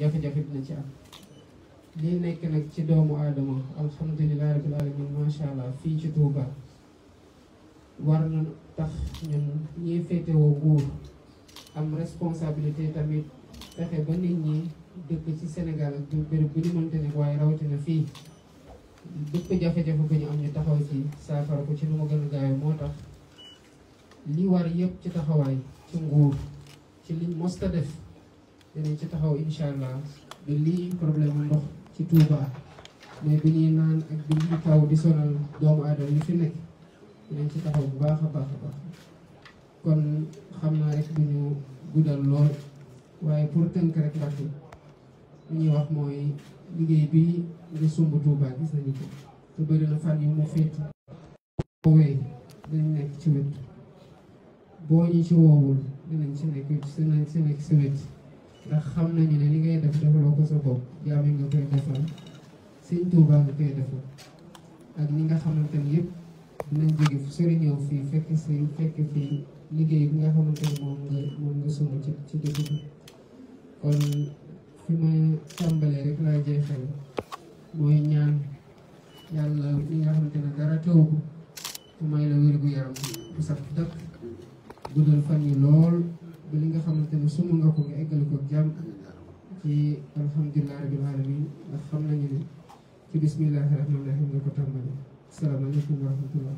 jafe-jafe dina ci am lii nekk nag ci doomu aadama alhamdulilah rabbil alamin macha allah fii ci Touba war na tax ñun ñiy féetewoo nguur am responsabilité tamit fexe ba nit ñi dëkk ci senegal ak bërëb bu ñu fii dëkk jafe-jafe bu ñu am ñu taxaw ci saafara ko ci nu ma gën a gaawee moo tax li war yépp ci taxawaay ci nguur ci liñ mosta def dinañ ci taxaw incha allah bi lii problème mu ndox ci Touba mais bi ñuy naan ak bi ñuy taw di sonal doomu aadama yi fi nekk dinañ ci taxaw bu baax a baax a baax kon xam naa rek bu ñu guddal lool waaye pour tënk rek ndax li ñuy wax mooy liggéey bi nga sumb Touba gis nañu ko te bëri na fan yu mu féet woowee dañ nekk ci wet boo ñu ci nekk ci nekk ci wet ndax xam nañu ne li ngay def defaloo ko sa bopp jaam nga koy defal sëñ Tuubaa nga koy defal ak ñi nga xamante ni yëpp dinañ jóge sori ñëw fii fekk si fekk fii liggéey bi nga xamante ni moom nga moom ci ci dëgg bi kon fi ma tàmbalee rek laa jeexal mooy ñaan yàlla li nga xamante ne dara teew ko may la wér yaram bu sax dëkk guddal fan yi lool ba li nga xamante ne suma nga ko nga eggale ko jàmm ci alhamdulilah rabil alamin ndax xam nañu ne ci bismillahi rahmaani rahim nga ko tàmbalee asalaamaaleykum wa rahmatullah